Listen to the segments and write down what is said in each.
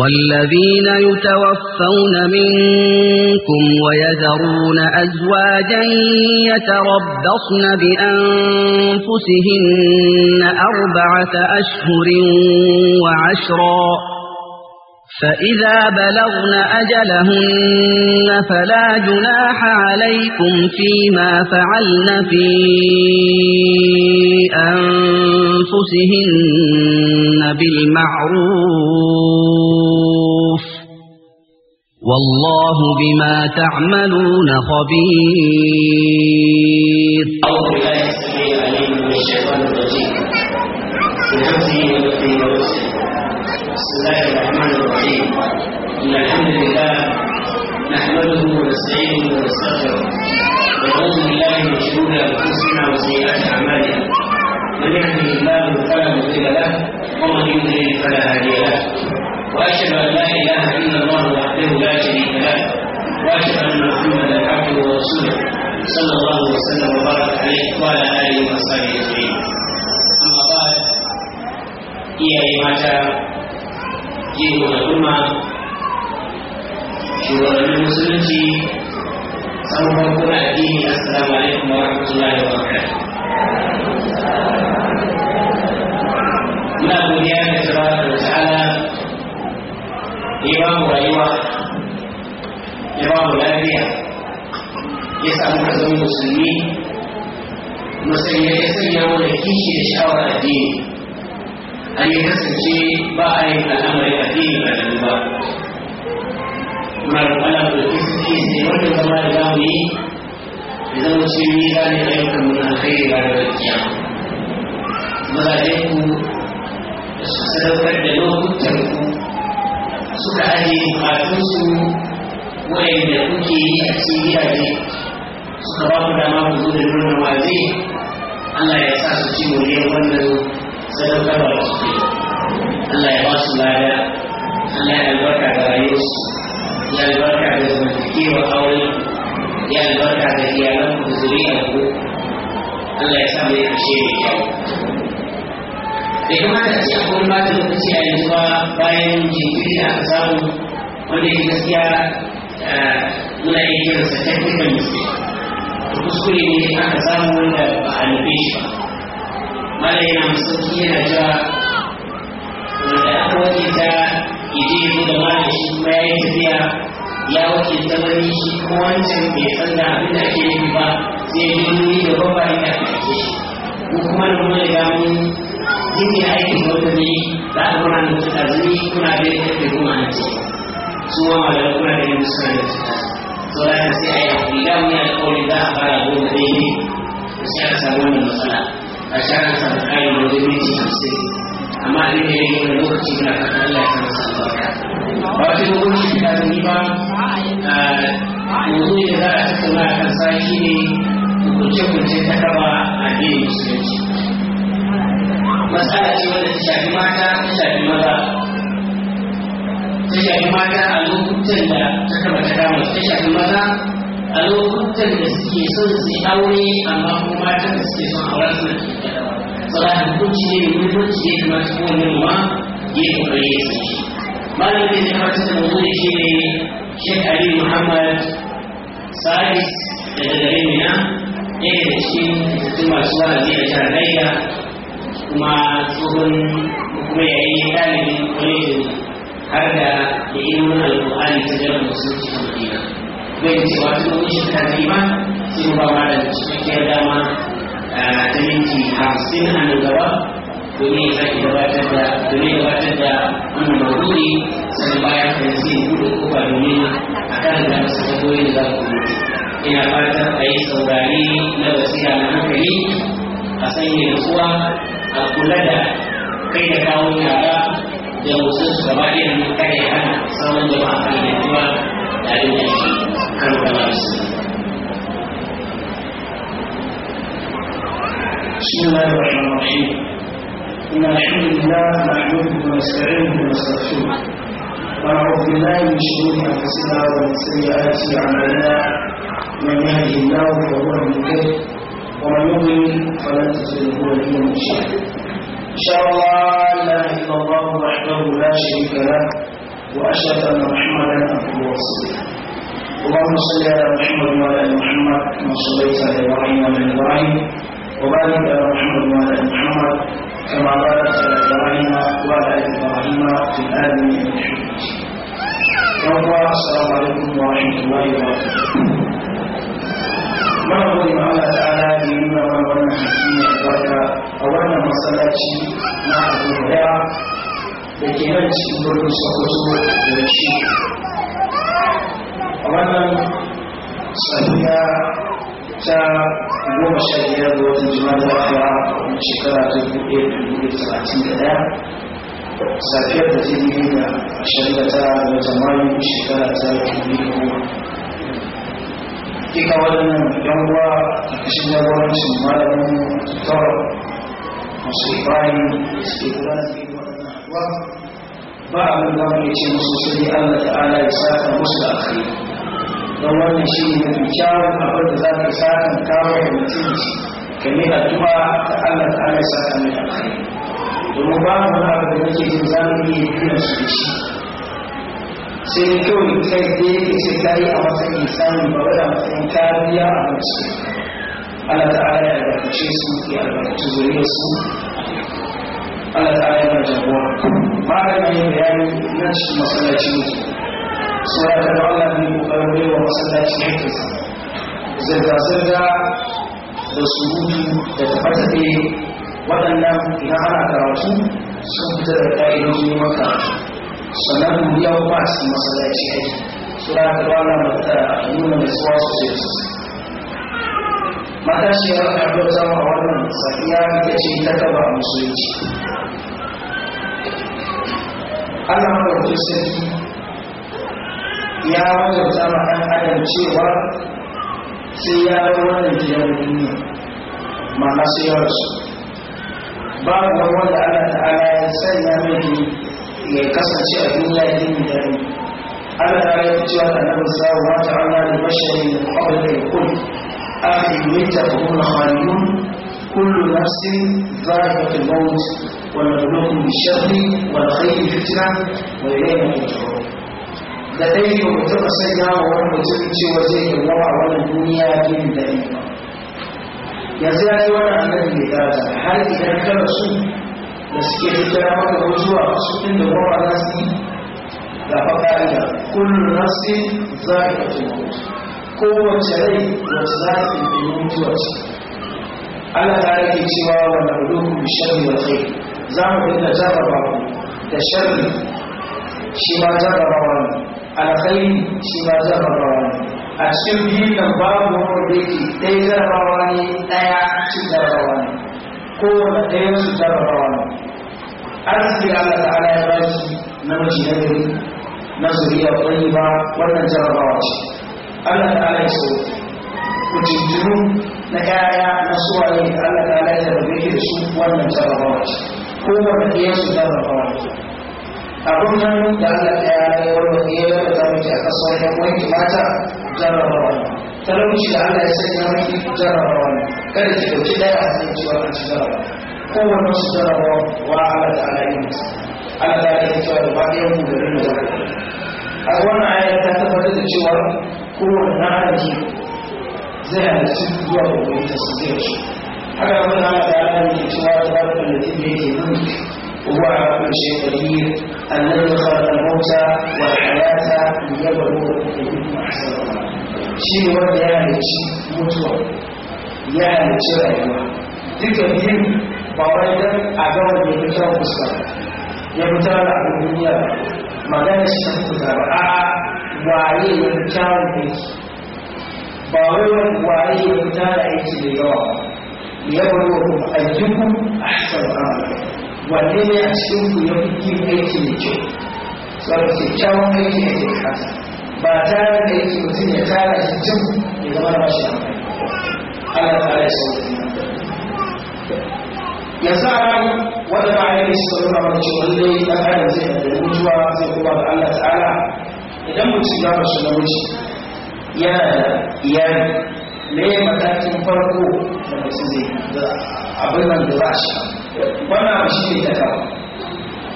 والذين يتوفون منكم ويذرون أزواجا يتربصن بأنفسهن أربعة أشهر وعشرا فإذا بلغن أجلهن فلا جناح عليكم فيما فعلن في أنفسهن بالمعروف والله بما تعملون خبير أعوذ السميع العليم الرجيم بسم الله الرحمن الرحيم الحمد لله نحمده ونستغفره بالله من شرور أنفسنا وسيئات أعمالنا من يهده الله فلا مضل له ومن يضلل فلا هادي له واشهد ان لا اله الا الله وحده لا شريك له واشهد ان محمدا عبده ورسوله صلى الله وسلم وبارك عليه وعلى اله وصحبه اجمعين اما بعد iyaye mata yin al'umma shugabannin musulunci samun kuna addini assalamu alaikum wa rahmatullahi wa barakatuh muna godiya da tabaraka wa إمام رئيما إمام الأنبياء يسأل مكزم المسلمين مسلمين يسأل يقول كيشي يشاور الدين أن يحسن شيء بأي من الأمر الأدين بعد الله مرحبا لك الكيس الكيس يقول لكم الله يقولي إذا مسلمين ذلك غيركم من الخير بعد الكيام ماذا يقول السلام عليكم suka aje bukatunsu wa'inda kuke yi a cikin gidaje suka ba ku dama ku zo da nuna waje Allah ya sa su ci moriyar wannan sadaukarwa da suke Allah ya ba su lada Allah ya albarka da rayuwarsu ya albarka da zamantakewa aure ya albarka da iyalanku da zuriyarku Allah ya sa mai kashe da kyau bai kamata a ce akwai wani a yanzu bayan jinkiri da aka samu wanda ya gaskiya eh, muna iya kiransa technical mistake kuskure ne aka samu wanda ba a nufe shi ba mala yana masauki yana cewa wanda aka wakilta ije yi da mala shi kuma ya yi tafiya ya ta wani shi kuma wancan bai san da abin da ake nufi ba sai ya yi da babba inda aka ake kuma da mun kike aikin wata ne za ka kuna da wata azumi kuna da yadda ke kuma na ce su ma malamai kuna da yadda suna da cika so da ka sai a yi hakuri da mu yana kauri za a fara goma da yi da sai a samu wannan matsala a sha an samu kayan wajen minti hamsin amma abin da ya wani lokaci Allah ya samu samu ba wata hukunci da azumi ba yanzu da za a tattauna a kan sa shi ne hukunce-hukunce ta kaba a addinin musulunci matsala ce wadda ta shafi mata ta shafi maza ta shafi mata a lokutan da ta taba ta dama ta shafi maza a lokutan da suke son su aure amma kuma matan da suke son aure suna ke da tsara hukunci ne hukunci ne kuma ta kowane ma ya yi kokare ya san shi malamin da ya fata da wuri shi ne shekari muhammad salis da daga mina ɗaya da cikin masu wa'azi a tarayya kuma tsohon kuma ya yi ɗalibin kwalejin har da ya yi wani ta musulunci a madina bai cewa tun wani shekara ta ima sai ba ma da cikakkiyar dama ta minti hamsin a nan gaba domin ya gabatar da ina fatan a yi saurari na wasiya na hankali a aku dah kena tahu ada yang khusus sebagai yang kaya sama jemaah kami yang dari Nasi Kanukan Bismillahirrahmanirrahim Alhamdulillah Ma'amudu wa sa'imu wa sa'afu Ma'amudu billahi Wa shuruhi al-fasilah wa sa'i'ati Amalah Wa nyahdi Allah wa huwa al ومن يؤمن فلا تزل هو هي المشرك الله أن لا إله إلا الله وحده لا شريك له وأشهد أن محمدا عبده ورسوله اللهم صل على محمد وعلى آل محمد كما صليت على إبراهيم وعلى إبراهيم وبارك على محمد وعلى آل محمد كما باركت على إبراهيم وعلى آل إبراهيم في العالمين إنك السلام عليكم ورحمة الله وبركاته muna gode ma Allah ta'ala da yi nuna mana wannan hadisi mai albarka a wannan masallaci na Abu Hurairah da ke nan cikin birnin Sokoto da shi a wannan safiya ta goma sha biyar ga watan jima'a da wata shekara ta dubu da dubu talatin da ɗaya safiyar da ta yi da ashirin da tara ga watan shekara ta dubu biyu hakika waɗannan yan uwa ƙarƙashin jagorancin malamin tutar masu ibrahim suke da ba abin da mu ce musu sai allah ta'ala ya saka musu da akai don wannan shi ne mafi kyawun abin da za ka saka kawai da mutum ka ne addu'a da allah ta'ala ya saka mai akai domin ba mu wani abu da nake jin mu iya biyan su da shi sai kawai kai da sai ta a matsayin isani ba wadda matsayin kariya a wasu Allah ta'ala ya albarkace su ya albarkace zuriyar su Allah ta'ala ya jagowa malamin yin bayani na cikin masallaci ne su ya taɓa Allah ne kokarin bai wa masallaci ne mutunsa zirga-zirga da su surutu da tafatate waɗannan idan ana karatu sun fita da ƙa'idojin makaratu sannan duniya kuma a cikin masallaci ake suna da bana mata a nuna mai suwa sosai da sosai matashiyar abota a wannan safiya ita ce ta taba musulunci Allah mawarci sarki ya wajarta ma ɗan adam cewa sai ya yi wannan gidan duniya ma'ana sai ya rasu babu wanda Allah ta'ala ya sanya mai ya kasance a duniya ilimin dare ana rayar da cewa da annabi sa'a wa ta'ala da basharin da qabla da yakun akhi minta fa hum khalidun kullu nafsin dha'iqatul maut wa nabluukum bish-sharri wal khayri fitna wa ilayna turja'un da dai ba mu taɓa sanya wa wani mutum cewa zai yi rawa a wannan duniya ilimin dare ba yanzu ya ce wani annabi mai daraja har idan ka rasu da suke tattara maka da zuwa su inda goma za su yi da faɗaɗa kullum nasi za a kafa mutu kowace rai wacce za ta yi mutuwa ce Allah ta rage cewa wa na'udukum shari wa khair za mu dinga ba ku da sharri shi ma jarrabawa ne alkhairi shi ma jarrabawa ne a cikin biyun nan babu wanda yake ɗaya jarrabawa ne ɗaya cin jarrabawa ne kowane ɗaya su jarraba ne arziki Allah ta'ala ya ba shi namiji na gari na zuriya ɗaya ba wannan jarrabawa ce Allah ta'ala ya so ku jinjinu na yaya na suwaye Allah ta'ala ya jarrabe ki da su wannan jarrabawa ce kowane ɗaya su jarrabawa ne abin nan da Allah ta'ala ya warware ya yarda miki a kasuwar ɗan uwanki mata jarrabawa ne talauci da Allah ya sanya maki jarabawa ne kada ki dauki daya a cikin cewa kan jarabawa kowane wasu jarabawa wa Allah da Allah yin musu Allah da ya cewa da baɗi yau da rin da a wannan aya ta tabbatar da cewa kowane na alaji zai halarci zuwa ga wani ta su zai shi haka wani Allah da Allah ne cewa da baɗi da latin da yake mulki وهو على كل شيء قدير الذي خلق الموت والحياة ليبلوكم أيكم أحسن عملا shi ne wanda ya halarci mutuwa ya halarci rayuwa duka biyu ba a ga wanda ya fuska ya fita da abin duniya magana shi ba a waye ya yake waye ya fita da aiki da yawa ya wani wa kuma a hasar amala wanne ne a cikin ku ya aiki kyau sarki kyawun aiki ne ke kasa ba tare da yake mutum ya tara shi da ya zama da mashi Allah ta ya sauki yanzu wanda ba a yi shi sauran ba mace wanda ya ɗan adam zai da mutuwa zai kuma da Allah ta'ala idan mutum ya bashi ya yana da iyali me matakin farko da mutum zai abin nan da za shi wannan shi ne kawo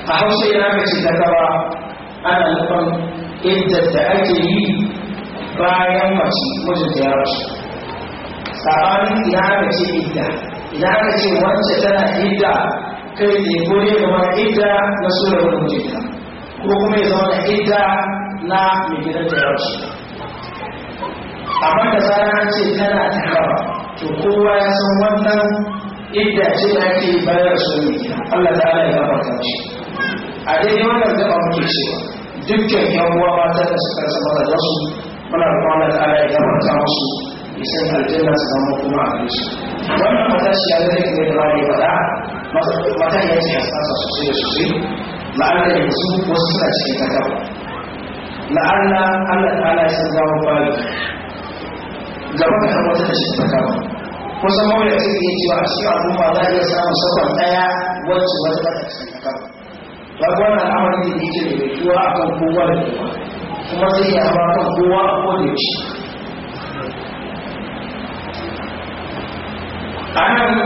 a hausa yana mace kawo ana nufan inda da ake yi bayan mace mijinta ya rasu sabanin ina ce idda ina wacce tana idda kai ne ko ne mara idda na surar mijinta ko kuma ya zama idda na mai gidanta ya rasu amma da ce tana tarawa to kowa ya san wannan idda ce da ake bayar da su mijinta Allah ta ya gafarta shi a daidai wannan zaba muke cewa dukkan yan uwa mata da suka zama da su muna da kwana da ala ya mata musu isan aljanna su zama kuma a su wannan matashiya ya zai kai da ne fada mata ya ce a hasasa sosai da sosai la'alla yanzu wasu suna cikin takawa la'alla allah ta ala san zama fari gaba da har wata tashi takawa kusan mawuyar cikin yin cewa a cikin al'umma za a iya samun sabon daya wacce wata ta cikin takawa ta wannan amali da yake da mutuwa akan kowa da kuma zai yi amma kan kowa a kowane yaushe a nan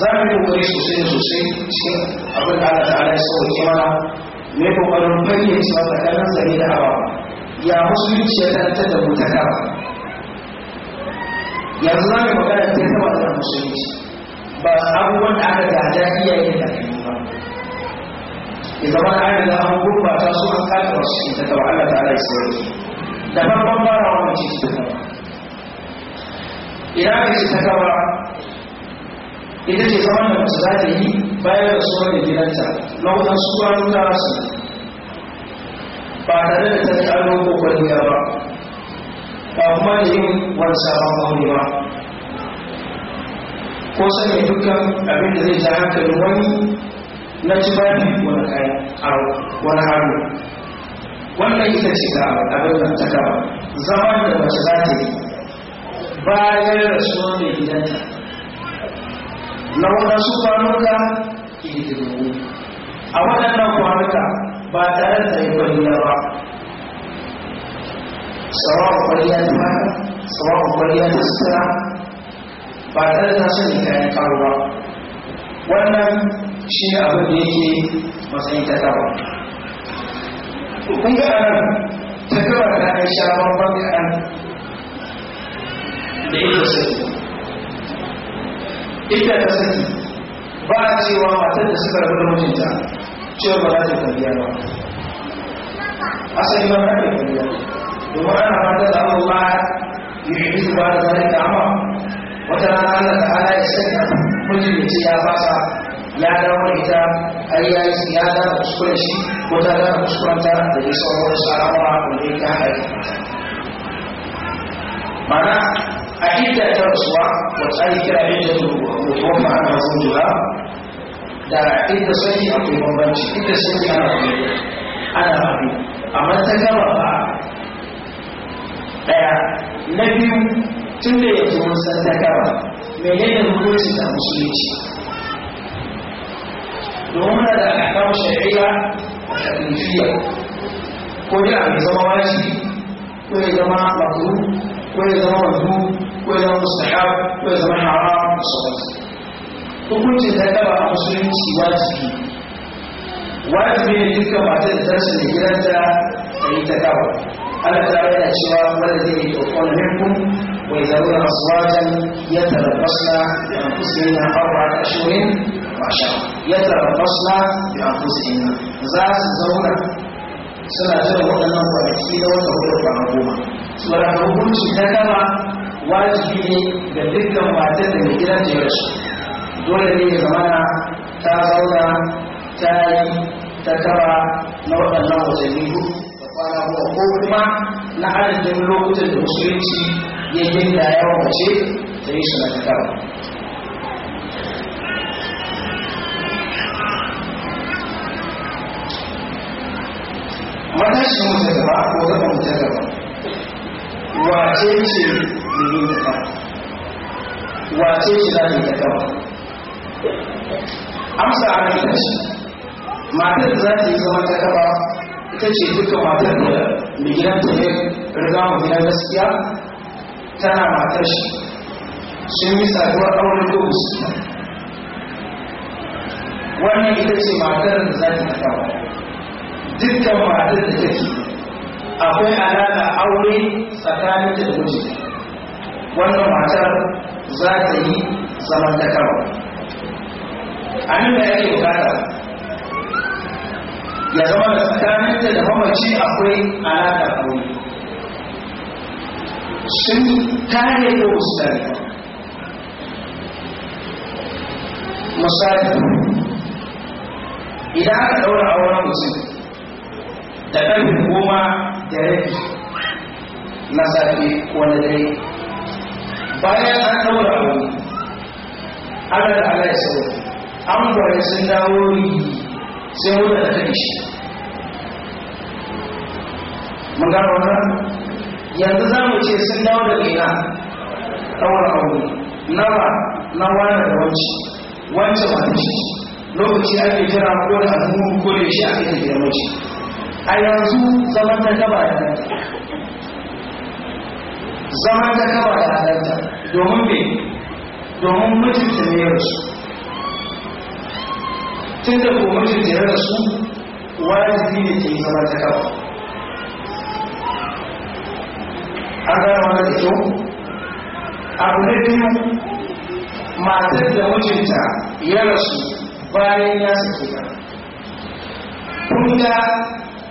za mu yi kokari sosai sosai cikin abin da Allah ta'ala ya sauke mana mai kokarin bayyana cewa tsakanin zare da hawa ya musulunci ta ta da mutaka yanzu za mu magana ta taba da musulunci ba abubuwan da aka gada iyayen da kai ya zama na ayyana da an gurbata su an kata wasu shi da tawa Allah ta alai sai da farkon fara wannan ci su ta idan ka ci ta kawa ita ce zaman da mace za ta yi bayan da suwa da gidanta lokutan suwa nuna su ba tare da ta tsaro ko kwalliya ba ba kuma da yin wani sabon aure ba ko sanya dukkan abin da zai ta hankali wani na ci bayan wani kai wani haru wannan ita ce da abin ta gaba zaman da mace za ta yi bayan rasuwa mai gidanta na waɗansu kwanuka ƙididdigmu a waɗannan kwanuka ba tare da yi kwalliya ba sawa'un kwalliya ta mata sawa'un kwalliya ta sutura ba tare da sun yi kayan karuwa wannan shi ne abin da yake matsayin ta tawa kun ga anan ta kawai da aisha babban kaɗan da ita saki ita ta saki ba a cewa matar da suka rabu da mutunta cewa ba za ta kwalliya ba asali ba za ta kwalliya domin ana fata da Allah ya yi su ba da zalika amma wata rana Allah ta'ala ya sanya mutum ya ce ya fasa ya dawo ita har ya yi ya da kuskure shi ko ta da kuskurenta da ya sauran sarawa al'amura wanda ya haɗari mana a inda ta rasuwa ta yi kira inda ta mutuwa ma'ana zuwa da inda sanyi kuma bambanci inda sanyi ana kuma ana haɗu amma ta gaba ba ɗaya na biyu tun da yanzu mun san ta gaba menene hukunci da musulunci وهم لا احكام شرعيه تكليفيه كل نظام واجب كل نظام مطلوب كل نظام مطلوب كل نظام مستحب كل نظام حرام وصلاه وكنت ذكر المسلمين سواسي واجب تلك بعد الدرس اللي جلست ان تتابع الا ترى الشباب والذين يتوفون منكم ويذرون اصواتا يتربصن لانفسهن اربعه اشهر وعشره ya tarafasna bi anfusihim za su zauna suna jira waɗannan kwanaki na wata hudu a goma su ba da hukunci na gaba wajibi ne ga dukkan matar da mai gidan jiyar dole ne ya zamana ta zauna ta yi ta tara na waɗannan watanni da kwana goma ko kuma na adadin lokutan da musulunci ya gindaya wa mace ta yi shi na ta matashi mace gaba ko zama mace gaba wace ce mai da ta wace ce za ta gaba amsa a nan kashi matar za ta yi zama ta gaba ita ce duka matar da mai gidan ta ne riga mu gidan gaskiya tana matar shi sun yi saduwar auren dubus wannan ita ce matar da za ta ta gaba dukkan matar da take akwai alaka aure tsakanin da miji wannan matar za ta yi zaman da kawo anan da ke bukata ya zama da tsakanin da mamaci akwai alaka aure sun kare da wasu misali idan aka daura auren mutum da ɗan goma da rabi na safe wani na dare bayan an ɗaura abu ana da ala ya sauri an gware sun dawo yi sai wuta da kai shi mun gano wannan yanzu za mu ce sun dawo da ina ɗaura abu nawa na wani da wanci wancan wani shi lokaci ake jira ko da al'ummu ko da shi ake tafiya mace a yanzu zaman ta gaba da danta zaman ta gaba da danta domin me domin mutunta ne ya tun da ko mutunta wajibi ne ke ta gaba an da kyau abu na biyu matar da mijinta ya rasu bayan ya sake ta kun ga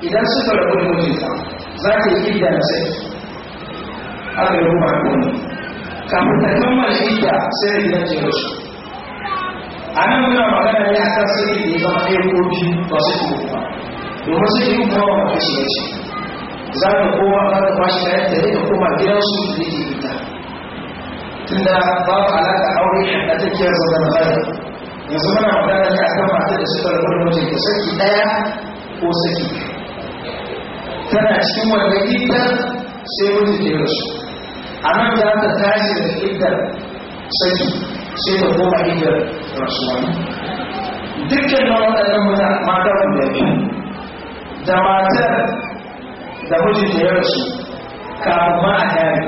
idan suka rabu da mijinta za ka yi idda da sai aka yi rufa goma da kan kammala idda sai da gidan jero su a nan muna magana ne a kan sai da ya zama ɗaya ko biyu ba su ke kuma domin su yi kuma wa kashi ya ce za ka koma za ka bashi kayan da ya koma su da ya yake ita tunda ka alaƙa aure a take zama da bayan yanzu mana magana ne a kan mata da suka rabu da mijinta saki ɗaya ko saki biyu tana cikin wannan iddar sai mutum ya rasu a nan za ta tashi da iddar saki sai ta koma iddar rasuwa dukkan na waɗannan mata wanda ne da matar da mijinta ya rasu kafin ma a yari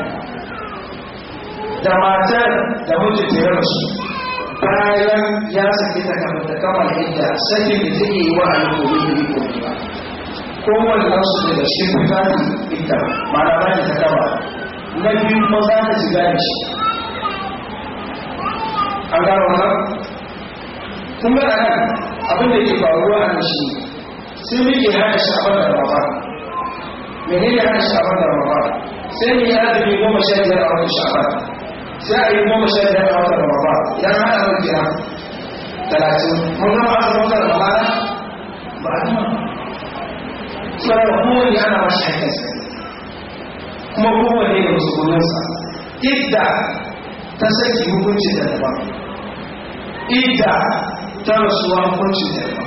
da matar da mijinta ya rasu bayan ya sake ta kamar ta kammala idda sakin da take yi wa al'umma ne ko kowane kansu daga shirku za ta ita mana ba ta kaba na biyu kuma za ta shiga da shi an gano wannan kun ga nan abin da ke faruwa a shi sai muke hana shafar da rama mene ne hana shafar da rama sai mu yi azumi goma sha biyar a watan shafar sai a yi goma sha biyar a watan rama idan hana mun kira talatin mun gama azumin watan rama ba a sauran kowane ana mashi haƙƙinsa kuma kowane da musulunsa idda ta saki hukuncin da ba idda ta rasuwa hukuncin da ba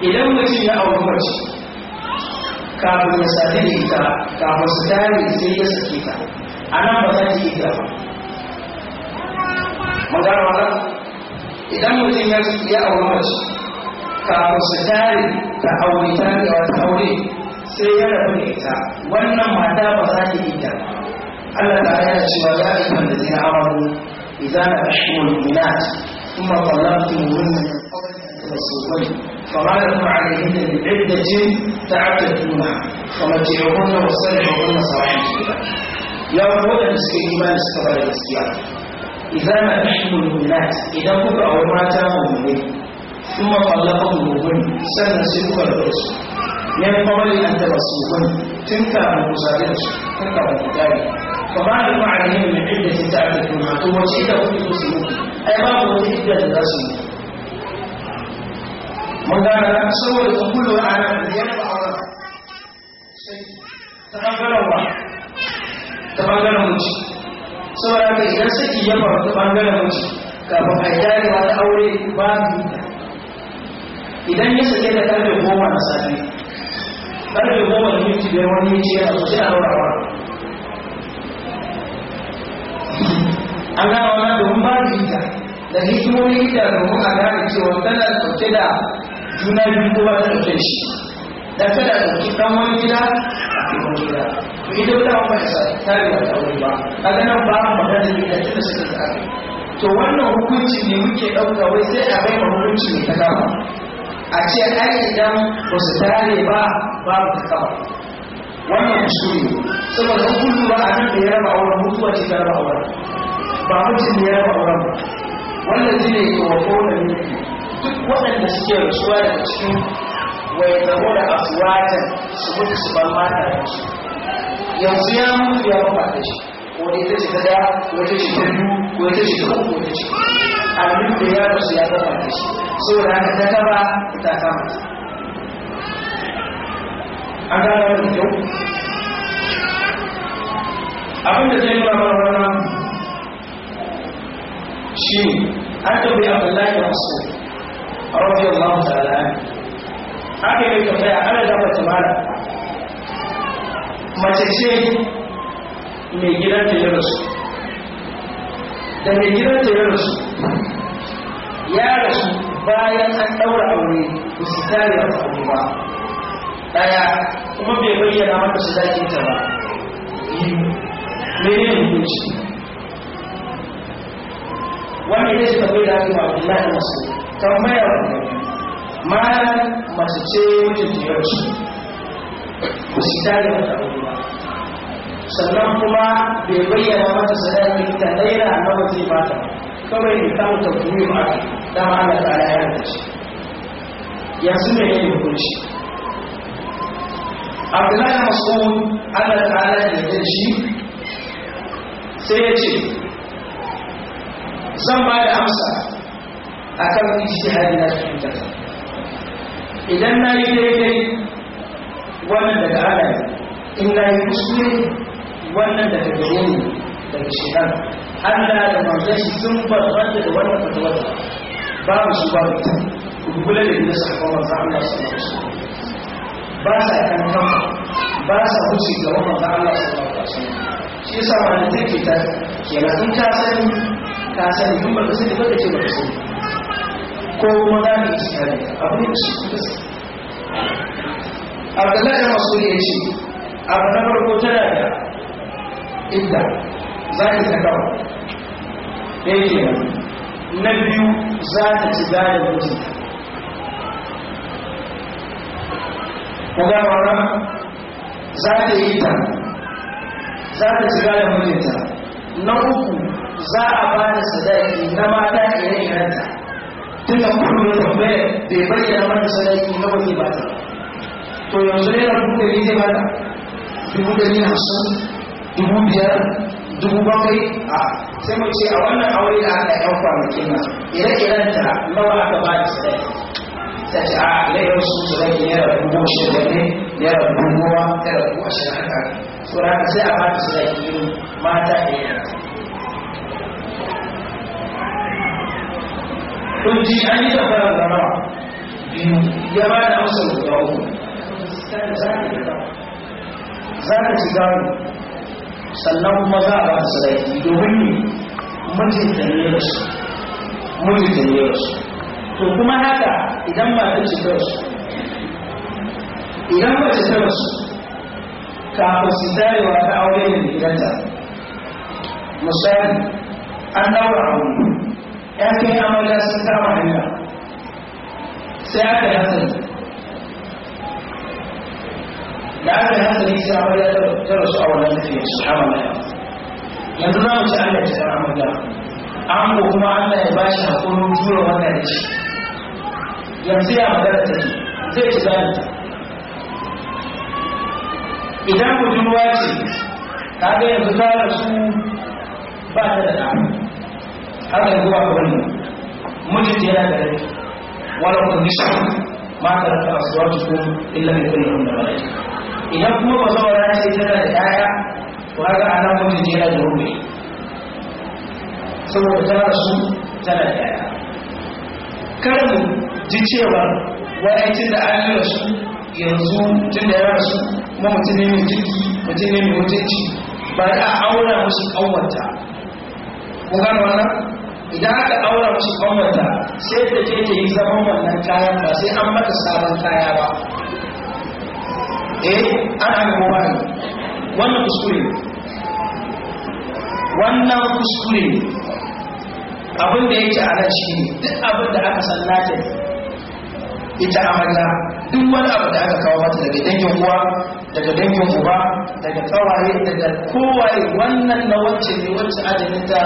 idan mutum ya auri mace kafin ya sadu da ita kafin su tare sai ya sake ta a nan ba za ta yi idda ba magana idan mutum ya auri mace kafin su tare ta aure ta ga ta aure sai ya rabu da ita wannan mata ba za ta yi ta Allah ta yana cewa ya yi wanda zai amaru idan na ashkul minat kuma talabtum hunna min qabli an tamassuhun fama lakum alayhinna min iddatin ta'adduna famati'uhunna wa sarrihuhunna sarahan jamila ya wadanda suke imani suka bada gaskiya idan na ashkul minat idan kuka aure mata mu ne kuma kwallafa gungun sannan sai kuka da wasu ya yi kwallon an taɓa sukun tun kafin musarin su kan kafin ku tsari ba ba da kuma ainihin mai ɗin sun ta ake tuna to wace ita kuma ita su ai ba mu wata da su mun gara na saboda ta kullo a nan da ya fi sai ta ɓangaren ba ta ɓangaren mutu saboda ka idan saki ya faru ta ɓangaren mutu kafin a yi dalewa ta aure ba mu idan ya sake da karfe goma na safe karfe goma da minti da wani ya a sosai a raurawa an gawa na domin ba da hita da domin a gane cewa tana ɗauke da juna biyu ko ba ta ɗauke da shi da tana ɗauki ɗan wani gida a wata tare da ba a ganin ba a magana da suka wannan hukunci ne muke ɗauka wai sai a bai ma hukunci ne ta a ce ai idan ba su tare ba ba babu kawo wannan shuri saboda kullu ba abin da ya raba wurin mutuwa ce ta raba wurin ba mutum ya raba wurin ba wannan jine ko wa kowane duk waɗanda suke rasuwa daga cikin wai zama da afuwatan su mutu su ban mata da su yanzu ya mutu ya mafa da shi ko da ita ce ta da ko ita ce ta biyu ko ita ce ta uku ko ita ce abin da ya rasu ya zama da shi saboda haka ta taba ita kama an gane wani kyau abin da zai nuna mana shi an tabi abdullahi da wasu radiyallahu ta'ala aka yi tambaya ana gaba tamara mace ce mai gidanta ya rasu da mai gidanta ya rasu ya rasu bayan an ɗaura aure ba su tare a ba ɗaya kuma bai bayyana mata su zaki ta ba biyu mene ne hukunci wanda ya ce tabbai da haka ba Abdullahi Masu tambayar mara masu ce mutum ya ba su tare mata aure ba sannan kuma bai bayyana mata sadaki ta daina na waje ba ta kawai ne ta mutum kuma ba dama da ta ya yarda shi yanzu ne yake hukunci Abdullahi Mas'ud Allah ta da yarda shi sai ya ce zan ba da amsa a kan akan ijtihadi na cikin idan na yi daidai wannan daga Allah in na yi kuskure wannan daga gare ni daga shekaru Allah da manzon shi sun barbar da wannan fatawar babu su babu ita kudubula da ina sahabban manzo Allah sallallahu alaihi wasallam ba sa kan kan ba sa hushi ga manzo a sallallahu alaihi wasallam shi yasa ma da take ta kenan in ka san ka san ba ka sani ba ba ka ko kuma za ka yi tsari abu ne shi kuma Abdullahi da Masu ya ce abu na farko tana da idda za ka zaka yake nan na biyu za ta ci gadon mijinta ku gano ran za ta yi ta za ta ci gadon ta na uku za a ba da sadaki na mata ire-irenta tun da kuma da da ya bayyana mata sadaki na wani ba ta to yanzu ne na dubu da ne ba ta dubu da ne hamsin dubu biyar dubu bakwai a sai mu ce a wannan aure da aka yan kwanaki na ire-iren ta nawa ta ba da sai ta ce a laifin su su rage naira dubu shi da ne naira dubu goma naira dubu ashirin haka so da sai a ba da sai yi mata da yara kun ji an yi tafarar da rawa biyu ya ba da amsar guda uku za ka ci gano sannan kuma za a ba ta sadaki domin ne mijinta ne ya rasu mijinta ne to kuma haka idan ba ta ci rasu idan ba ta rasu kafin su tarewa ta aure da gidanta misali an daura aure ya kai amarya sun kama hanya sai aka yi hatsari da aka yi hankali sai amarya ta rasu a wannan tafiya su yanzu za mu ci allah ya san amarya an ko kuma allah ya bashi a jure wannan da shi yanzu ya magana take zai ci zani idan budurwa ce ta ga yanzu ta rasu ba ta da ɗa haka yanzu ba wani mijinta yana da rai wani kundishan ma ta illa mai da idan kuma ba zaura ce tana da ƴaƴa ko haka ana mutum yana da ne saboda ta rasu tana da ƴaƴa kar mu ji cewa wani da an rasu yanzu tun da ya rasu kuma mutum ne mai kirki mutum ne mai mutunci ba a aura musu ƙanwata ko gano wannan idan aka aura musu ƙanwata sai da ke yi zaman wannan kayan ba sai an mata sabon kaya ba eh ana ga mawani wannan kuskure wannan kuskure abin da yake a nan shi duk abin da aka san nata ita amarya duk wani abu da aka kawo mata daga dangin uwa daga dangin uba daga kawaye daga kowaye wannan na wacce ne wacce ajalinta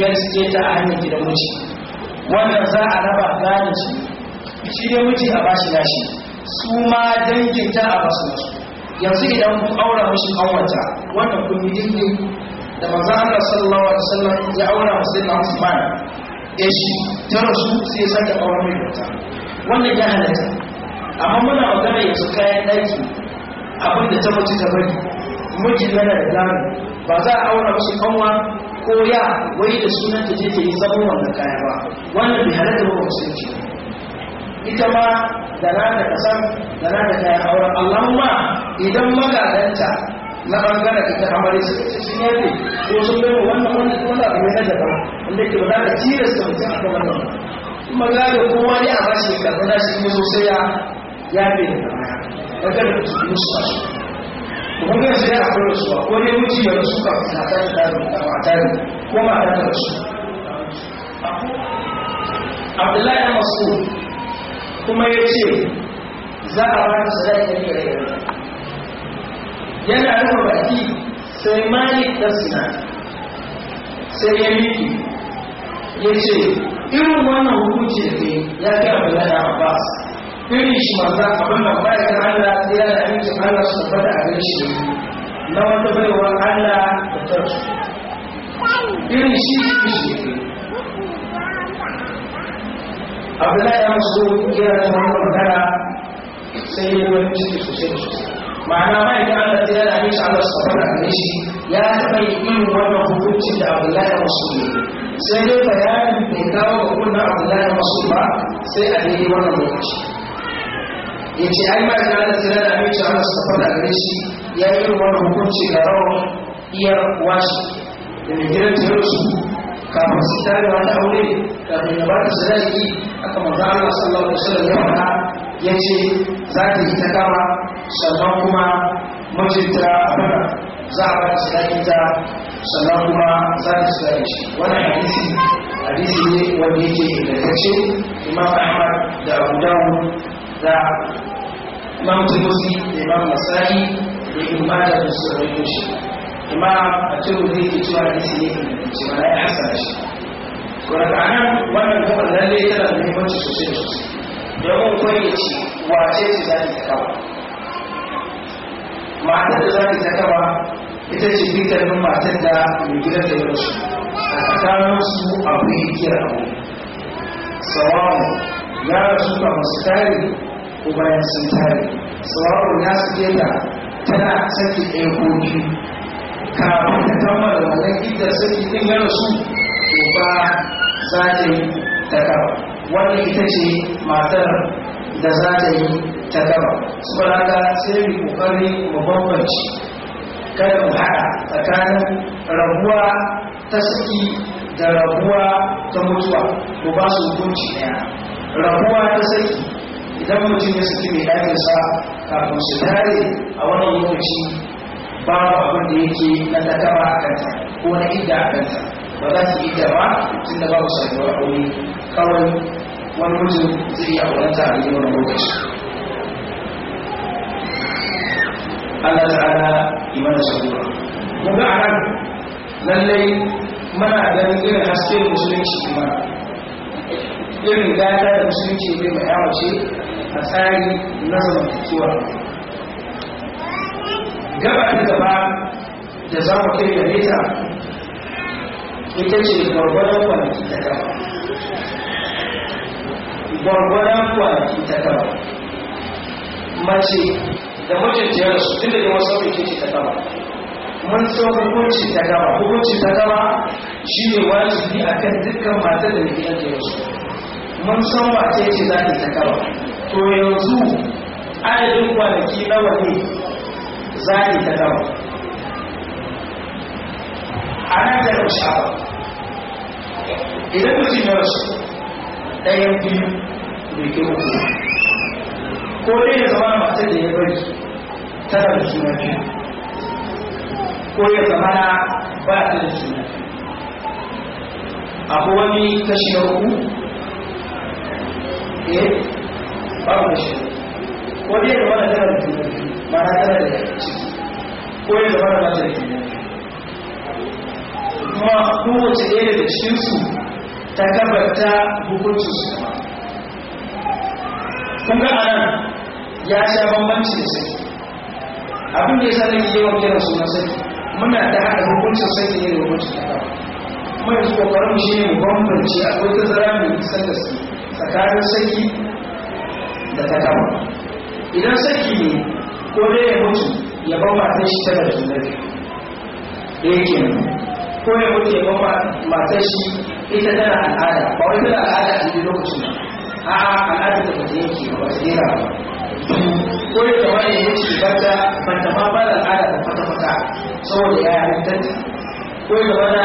ya riske ta a hanyar gidan miji wannan za a raba gane shi shi ne miji a bashi nashi su ma dangin ta a basu musu yanzu idan ku aura musu kanwata wannan kun yi dindin da manzo Allah sallallahu alaihi wasallam ya aura sai na Usman ya shi ta rasu sai ya a aure mai wata wannan ya halatta amma muna magana yanzu kayan daki abin da ta mutu ta bari mijin na da gano ba za a aura musu kanwa ko ya wai da sunan ta je ta yi sabon wannan kaya ba wannan bai halatta ba musulunci ba ita ma da na da kasan da na da kayan auren ma idan magadanta na bangare da ta amare su ce sun yafe ko sun bai wannan wannan wannan abu da ba wanda ke ba da tilasta mutum a kan wannan magana kowa ne a bashi ya karɓi shi shi sosai ya yafe da baya ga da su yi su ga shi ya akwai rasuwa ko ne miji ya su ka ta ta da tare ko ta ta rasu abdullahi Masud kuma ya ce za a ba su da yana rufe baki sai malik da suna sai ya miki ya ce irin wannan hukunci da ya kai abu da su irin shi manzan abin da ba ya kan Allah ya da amincin Allah su tabbata a gare shi na wata baiwa Allah da tarsu irin shi shi abdullahi ya masu kira da wani magana sai ya wani ciki sosai da sosai ma'ana mai da Allah ta yana mishi Allah sabon a gare shi ya taɓa yi irin wannan hukuncin da abdullahi ya masu ne sai dai bayanin bai kawo ga kunna abdullahi ya masu ba sai a daidai wannan lokaci ya ce ai mai da Allah ta yana mishi Allah sabon a gare shi ya yi irin wannan hukunci da rawar iyar washi da mai gidan tare su kafin su tare wani aure kafin ya ba ta sadaki aka maza Allah sallallahu alaihi wasallam ya faɗa ya ce za ta yi ta kama sannan kuma mijinta a bada za a ba ta sadaki ta sannan kuma za ta sadaki shi wannan hadisi hadisi ne wanda yake ingantacce imam ahmad da abu dawud da imam timusi da imam nasa'i da imam da musulmi shi imam a cikin da yake cewa da shi ne shi ma ya hasa shi ko da anan wannan kuma lalle tana da muhimmanci sosai da sosai domin ko ya ce wace ce za ki ta kaba matar da za ki ta kaba ita ce dukkanin matar da mai gidan da ya rasu a tsakanin su akwai kira abu sawamu ya rasu ba masu tare ko bayan sun tare sawamu ya su tana sake ɗaya ko biyu kafin ta kammala wani idda saki ɗin ya rasu to ba za ta yi ta gaba. Wani ita ce matar da za ta yi ta kaba saboda haka sai mu kokari mu bambance kada mu haɗa tsakanin rabuwa ta da rabuwa ta mutuwa ko ba su hukunci ɗaya rabuwa ta saki idan mutum ya saki mai ɗakinsa kafin su tare a wannan lokaci babu abin da yake na sakawa a kanta ko na idda a kanta ba za su idda ba tun da babu sabuwar aure kawai wani mutum zai iya aurenta a yi wani lokaci Allah ta'ala imana sabuwa Mu ga a lallai mana ganin irin haske musulunci imana irin gata da musulunci bai mai yawace a tsari na zamantakewa gaba da gaba da za mu kai gare ta ita ce gwargwadon kwanaki ta gaba gwargwadon kwanaki ta gaba mace da mutuntiyar su tun da yawan sauƙi ke ta gaba mun so hukunci ta gaba hukunci ta gaba shi ne wajibi a kan dukkan matar da ke ya wasu mun san wace ce za ta ta gaba to yanzu adadin kwanaki nawa ne zani ta dawa a nan da rasu ba idan mutum ya rasu ɗayan biyu bai ke uku ko dai ya é o da ya bari tana da suna biyu ko ya zama ba ta da mara da da kuma kowace ɗaya daga cikinsu ta gabata hukuncin su kuma kun ga anan ya sha bambanci da saki abin da ya sa nake yawan kiran na saki muna da hukuncin saki hukuncin kuma yanzu kokarin shi ne mu bambance akwai tazara mai nisan da saki da ta kama idan saki ne ko dai ya mutu ya ba matar shi tana juna da yake eh, ko ya mutu ya ba matar shi ita tana al'ada ba wani tana al'ada a cikin lokacin ba a al'ada da mutu yake ba tsira ba ko ya kama ya mutu ya bata bata ma ba da al'ada da kwata-kwata saboda ya yi halittar ko ya kama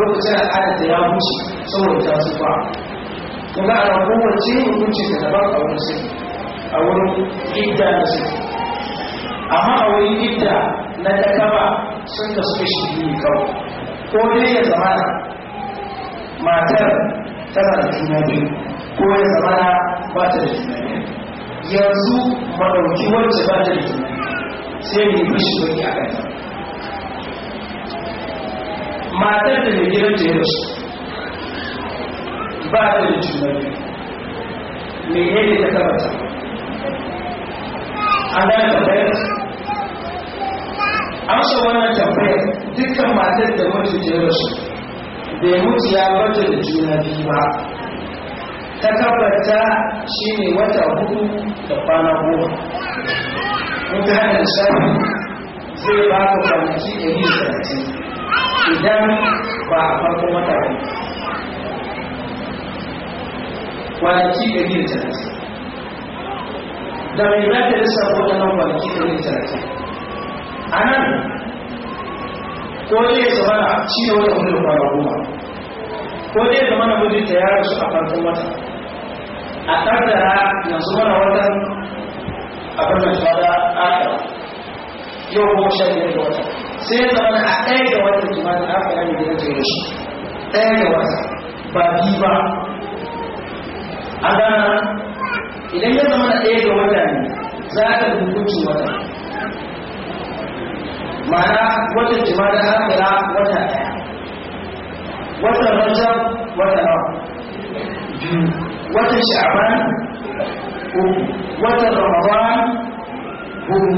lokacin al'ada ta ya wuce saboda ta tsufa kuma a ce kowace hukuncin da daban a wurin sai a wurin idda na sai amma a wani idda na takaba sun ka suke shi biyu kawai ko dai ya zama matar tana da juna biyu ko ya zama ba ta da juna biyu yanzu maɗauki wacce ba ta da juna sai mu yi shi wani a kai. matar da mai gidan da ya rasu ba ta da juna biyu me ne ta kamata an gane tambayar amsa wannan tambayar dukkan matar da mutu ta yi rasu bai mutu ya bata da juna biyu ba ta kabarta shi ne wata hudu da kwana goma in ta hana zai ba ka kwanaki idan ba a farko wata hudu kwanaki ɗari talatin da mai mata za ta rasa waɗannan kwanaki ɗari talatin a nan ko ne ya zama na shi ne wata hudu kwana goma ko ne ya zama na ta yara su a farkon wata a ƙaddara yanzu mana watan a farkon fada akara yau ko sha biyar da wata sai ya zama na a ɗaya da wata jima'a da aka yi da ta yi shi ɗaya da wata ba biyu ba a gana idan ya zama na ɗaya ga wata ne za ka hukunci wata ma'ana wata jima'a da hankala wata ɗaya wata rajab wata nawa wata sha'aban wata uku watan ramadan hudu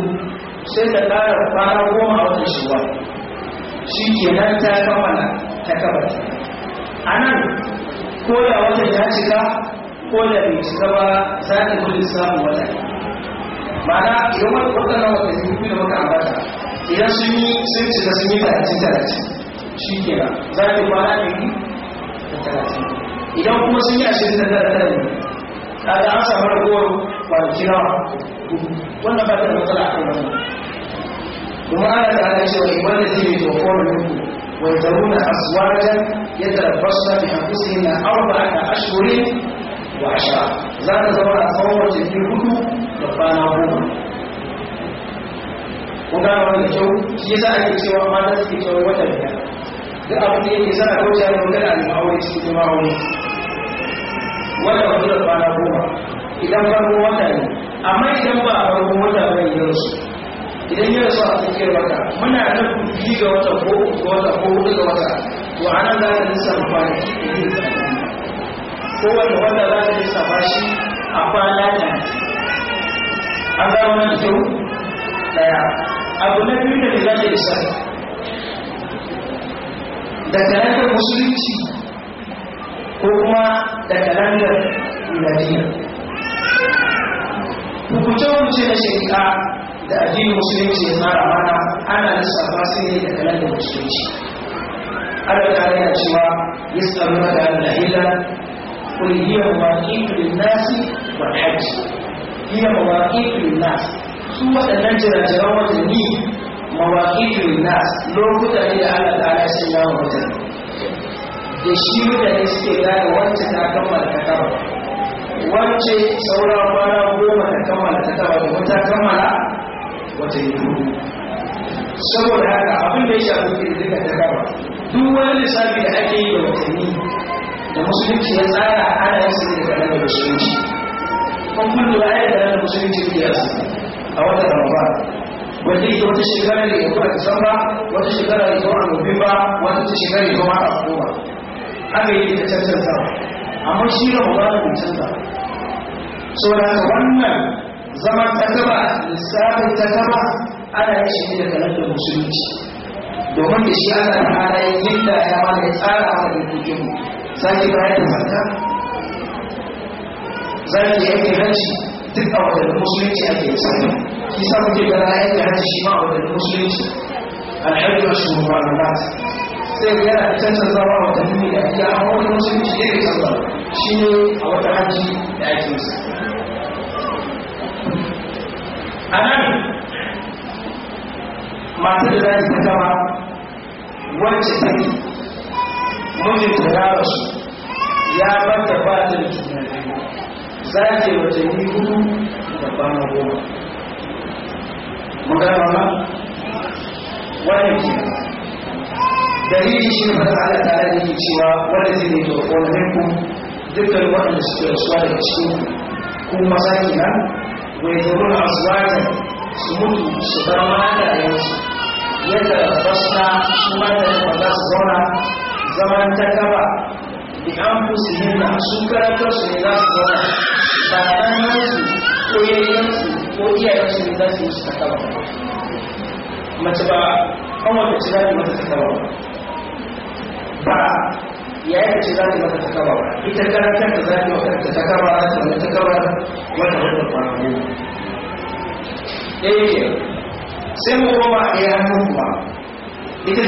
sai ta ƙara kwana goma a wata shiwa shi kenan ta kammala ta kabata a nan ko da wata ta cika ko da bai cika ba sake gudun samun wata ma'ana idan wani waɗannan wata su fi da maka ambata idan sun yi sun cika sun yi talatin talatin shi ke ba za ta kwana ɗari da talatin idan kuma sun yi ashirin da talatin ta da an samu ragowar kwanaki nawa wannan ba ta da matsala a kan wannan kuma ana da ana cewa wanda zai yi tsofaffin mutu ويذرون أزواجا يتربصن بأنفسهن أربعة أشهر wa za ta zama a tsawon watanni hudu da kwana goma Kuna a wani kyau shi yasa ake cewa mata suke cewa wata biya da abu da yake sana kauce da magana al'amari su cikin wani wata hudu da kwana goma idan farko wata ne amma idan ba a farko wata ba ne rasu idan ya rasu a tsakiyar wata muna da biyu ga wata ko ga wata ko ga wata to anan za ka nisa kwanaki da yin kowane wanda za ka lissafa shi a kwana ta an gano mana kyau daya abu na biyu da ne za ka lissafa da kalandar musulunci ko kuma da kalandar miladiya hukuce-hukuce na shari'a da addinin musulunci ya tsara mana ana lissafa sai ne da kalandar musulunci ana kare cewa yi tsaron da lahila قل هي مواقيت للناس والحج su waɗannan jiragen watanni mawaƙiƙin nas lokuta ne da Allah ta ala sanya wa da shi mutane suke gane wacce ta kammala ta kaba wacce sauran kwana goma ta kammala ta kaba da wata kammala watanni hudu saboda haka abin da ya shafi kirkirka ta kaba duk wani lissafi da ake yi a watanni da musulunci ya tsara ana yin su da kaɗan da musulunci kun kullu da ayar da musulunci ke yasu a wata ramadan wanda yake wata shekara ne ko a disamba wata shekara ne ko a nuwamba wata shekara ne ko a oktoba haka yake ta cancanta amma shi ramadan bai canza so da wannan zaman ta gaba lissafin ta gaba ana yin shi da kaɗan da musulunci domin da shi ana da halayen yadda ya ma ya tsara a da dukkan za ki bayar da zakka za ki yanke hanci duk a wadannan musulunci ake yi sani ki sa muke gara ya yi hanci shi ma a musulunci alhaji wa shi ba na lati sai ga yana tantan zama a wadannan ne a a wadannan musulunci ne ya zama shi ne a wata hajji da ake yi a nan masu da za ta gama wacce take ya rasu ya banta ba ta da juna biyu za ta yi hudu da kwana goma magana ma wannan ke dalili shi ba fata ala ta ala yi cewa wani zai ne to wannan ku dukkan waɗanda suke rasuwa daga cikin ku kuma sake nan wai zuru na asuwata su mutu su bar mana da yansu yadda basna shi ma da ba za su zauna zaman ta gaba bi anfusihinna sun karantar su ne za su zauna ba ɗanyensu ko yayyensu ko iyayensu ne za su yi su mace ba kawai ce za ta mata ba ya ce za mata takaba ba ita karantar da za ta mata takaba za ta mata takaba wata wata kwanaki ɗaya ke eh, sai mu koma a ɗaya hannun ita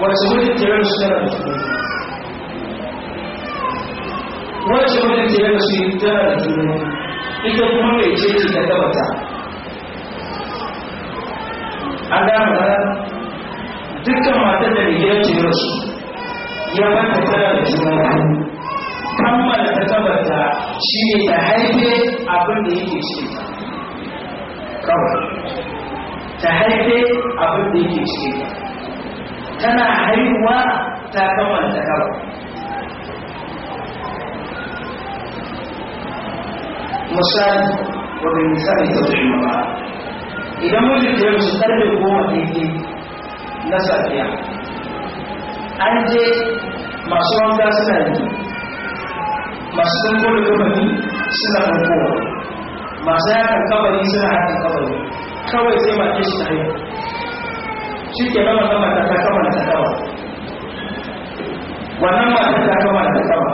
wace mutuntirar su tana da juna wace mutuntirar su tana da juna ita kuma mai ce ce ta gabata an dama na dukkan matar da rigiyar gidan su ya banta tana da juna kammala ta gabata shi ne ta haife abin da yake ce ta kawai ta haife abin da yake ce ta tana haihuwa ta kamanta ta kawai misali wadda misali ta zai mawa idan mutum da yau su karfe goma daidai na safiya an je masu wanga suna yi masu zango da kamari suna kankowa masu yakan kamari suna hakan kamari kawai sai mace su haihu shi ke nan wannan mata ta kama ta kama wannan mata ta kama ta kama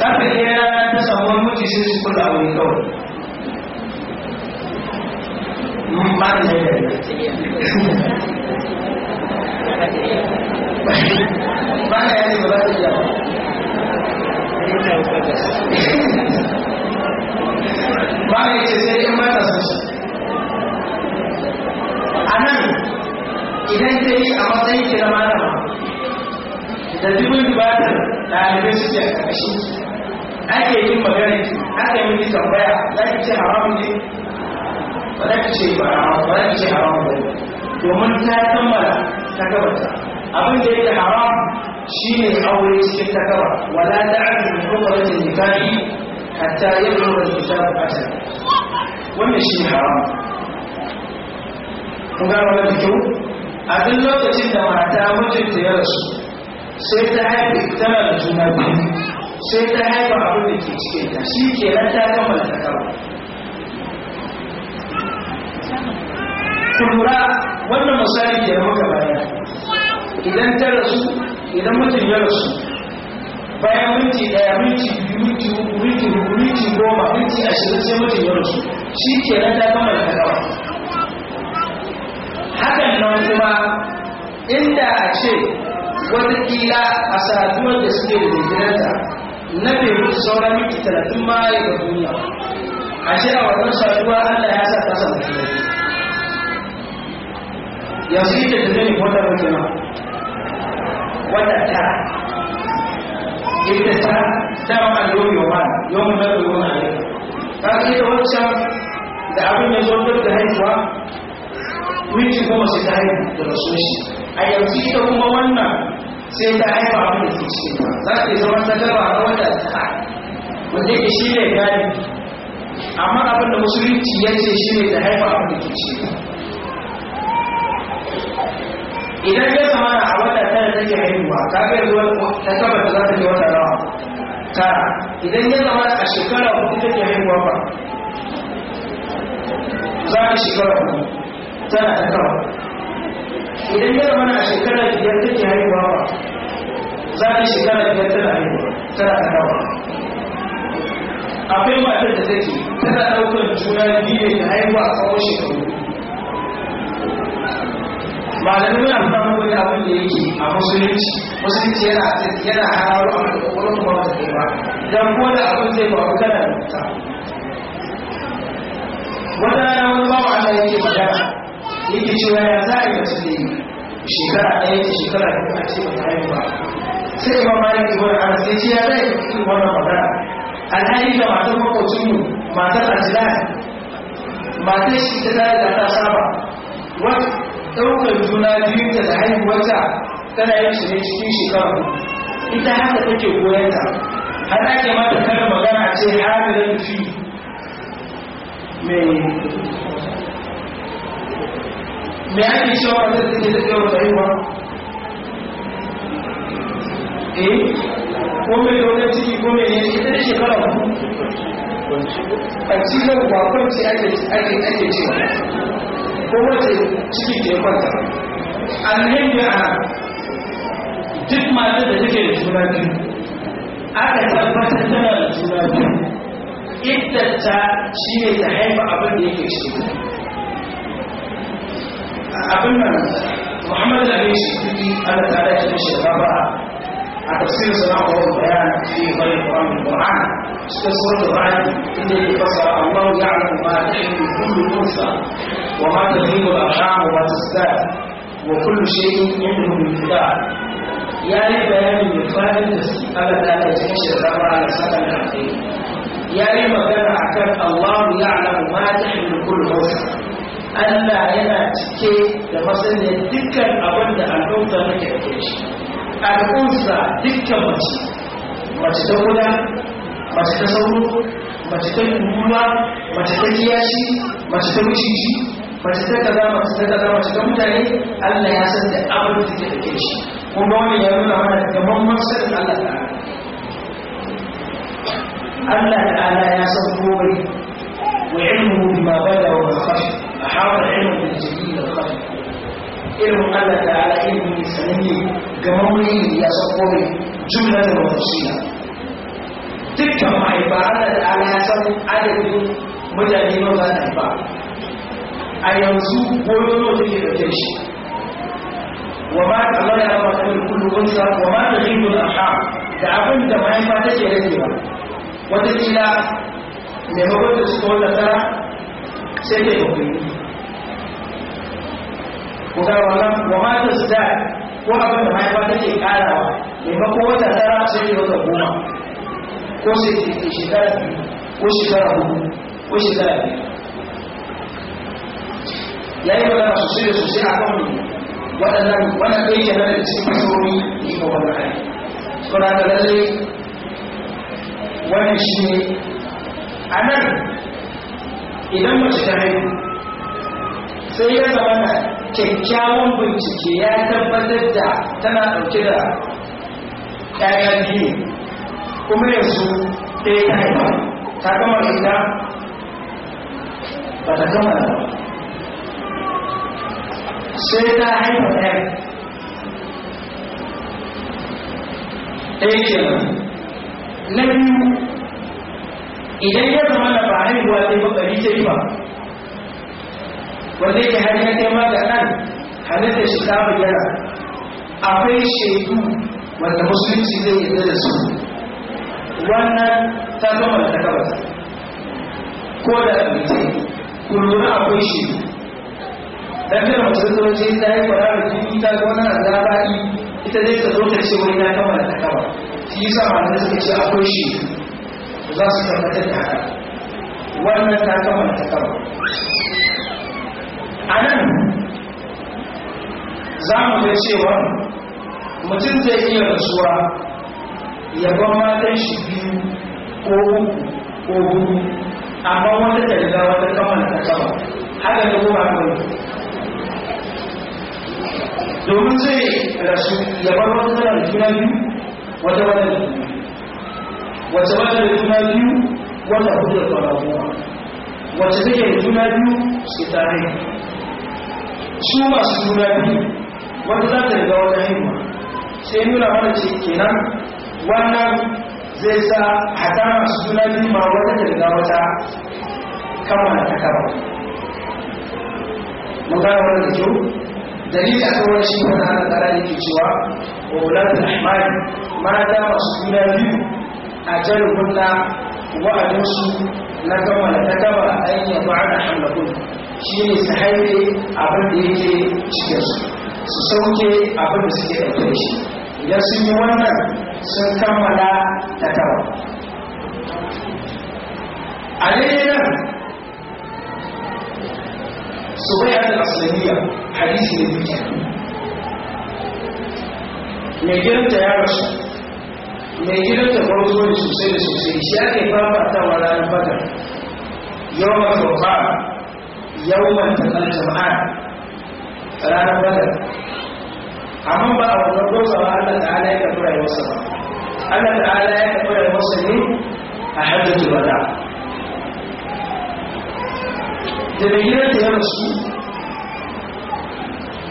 ta fi ɗaya ta samu wani miji sai su kula wani kawai ma da da ba ka yi ba ta jawa ba ka ce sai in ba ta sun shi a nan idan ta yi a matsayin ki na malama da dubin dubatar ɗalibai suke a ƙarƙashin ake yin magana aka yi miki tambaya za ki ce haramun ne ba za ki ce ba ba za ki ce haramun ba domin ta kammala ta gabata abin da yake haram shine aure cikin takawa wala da'atu min hukumati nikahi hatta yablu al-kitab atal wannan shi haram kun ga wannan kyau a duk lokacin da mata mutunta ya rasu sai ta haifi tana da juna biyu sai ta haifa abin da ke cikin ta shi ke nan ta gama ta kawo kulura wannan misali ke maka baya idan ta rasu idan mutum ya rasu bayan minti daya minti biyu minti uku minti hudu minti goma minti ashirin sai mutum ya rasu shi ke nan ta gama ta kawo hakan nan kuma inda a ce watakila a saduwar da suke da jiranta na bai mutu sauran miki talatin ma ya ga duniya a ce a wannan saduwa allah ya sa ta samu yanzu ita da zai wata mutum wata ta ita ta dama a yau yau ba yau mu na yau na yau ta ce da wancan da abin ya zo da haihuwa wiki kuma sai ta haihu da rasu shi a yanzu ita kuma wannan sai ta haifa abin da ke cikin ta za ta yi zama ta gaba a wata ta wanda ke shi ne gani amma abin da musulunci ya ce shi ne ta haifa abin da ke cikin idan ya sama da a wata tara ke haihuwa ta ga yanzu ta tabbata za ta ke wata rawa ta idan ya zama a shekara hudu take haihuwa ba za a shekara hudu tana ta kawo idan yar mana a shekara biyar take haihuwa ba za ta shekara biyar tana haihuwa tana ta kawo akwai matar da take tana ɗaukar juna biyu da haihuwa a tsawon shekaru malamin alfahamu wani abin da yake a musulunci musulunci yana yana harawa a kokorin kuma wata kai ba don ko da abin zai ba ku kana da mutum wata rana wani bawa Allah yake magana yake cewa ya za a yi wasu ne shekara ɗaya ce shekara da a ce ba ta ba sai imam malik ibn anas sai ce ya za a yi wata a na yi da matar makwacinmu matar ajilas matar shi ta tare da ta saba wata ɗaukar juna biyu ta da wata tana yin shi ne cikin shekara ita haka take koyar da har ake mata karin magana ce hamilan fi mai me ake cewa wanda take take wata haihuwa eh ko mai dogon ciki ko mai yanki ita da que hudu a cikin que kwanci ake cewa que wace ciki ke kwanta annabi a duk matar da take da juna biyu aka tabbatar tana da juna biyu ta shi ne ta haifa abin da yake shi abin nan muhammadu da ne shi kudi ana tare da shi ba a tafsirin sa na kawai bayan fi bayan kuran kuran suka sauran da bayan inda ya fasa allah ya alamu ma ta yi kullu kunsa wa ma ta yi wa arhamu wa ta sa wa kullu shayin inda mu fita ya yi bayanin mai fadin da su ana tare da shi rama na sakan da ya yi magana akan allah ya alamu ma ta yi kullu kunsa Allah yana cike da masaniyar dukkan abin da al'umma nake da shi al'umma dukkan mace mace ta guda mace ta sauro mace ta kuma mace ta kiyashi mace ta miciji mace ta kaza mace ta kaza mace ta mutane Allah ya san da abin da take da shi kuma wani ya nuna mana gamamman sanin Allah ta'ala Allah ta'ala ya san komai wa ilmu bima bada wa khashi أحاط علمه بالجديد والخفي علم الله تعالى علم سنني قموني يا صبوري جملة وتفصيلا dukkan mahaifa Allah ta'ala ya san adadin mutane ba za ta a yanzu goyoyo take dauke shi wa ma ta zama ya da abin da mahaifa take rakewa wata kila maimakon da suka wata tara sai ta yi ku ga wannan wa ma ta da ko abin da mahaifa take karawa maimakon wata tara sai ta wata goma ko sai ta shekara ko shekara hudu ko shekara biyu ya yi magana sosai da sosai a kan waɗannan wannan ɗaya ke nan da cikin masorori da shi ga wannan hali suna da lalle wannan shi ne a nan idan mace ta haihu sai ya zama na kyakkyawan bincike ya tabbatar da tana ɗauke da ƴaƴan biyu kuma yanzu ɗaya ta haifa ta gama ita ba ta gama da sai ta haifa ɗaya ɗaya nan na biyu idan ya zama da ba haihuwa ɗaya ba ɗari ta yi ba wanda yake hanyar ya ma da nan da shi ta bayyana akwai shaidu wanda musulunci zai yi da su wannan ta zama da takwas ko da abinci ku lura akwai shaidu dan kada musulunci ta yi kwara da jini ta ga wannan azabari ita zai ta zo ta ce wani na kama da takawa shi yasa malamai suka ce akwai shaidu za su tabbatar da haka wannan ta kama da takawa a nan za mu ga cewa mutum zai iya rasuwa ya ba matan shi biyu ko uku ko hudu amma wata ta riga wata kamar ta kama haka da kuma haka domin zai rasu ya bar wata tana da juna biyu wata wata da wata wata da juna biyu wata hudu da kwana kuma wata take da juna biyu su tare su masu juna biyu wanda za ta riga wata haihuwa sai nuna mana ce kenan wannan zai sa hata masu juna biyu ma wata ta riga wata kama ta kama mun gane wannan da kyau dalili akan wani shi wani hana tsara yake cewa wa wulatul ahmad ma da masu juna biyu a jarin kunna wa'adinsu na kammala ta gaba an yi ba'ana hamlakun shi ne su haife abin da yake cikinsu su sauke abin da suke ɗauke shi idan sun yi wannan sun kammala ta gaba a daidai su bai da asaliya hadisi ne dukiya mai ya rasu mai gidan ta farko ne sosai da sosai shi ake fafatawa ranar badar yau ma tauba yau ma taɓar jama'a ranar badar amma ba a wannan rosa ba Allah ta'ala ya tafi rayuwarsa ba Allah ta'ala ya tafi rayuwarsa ne a haddatu bada da mai gidan ta yana su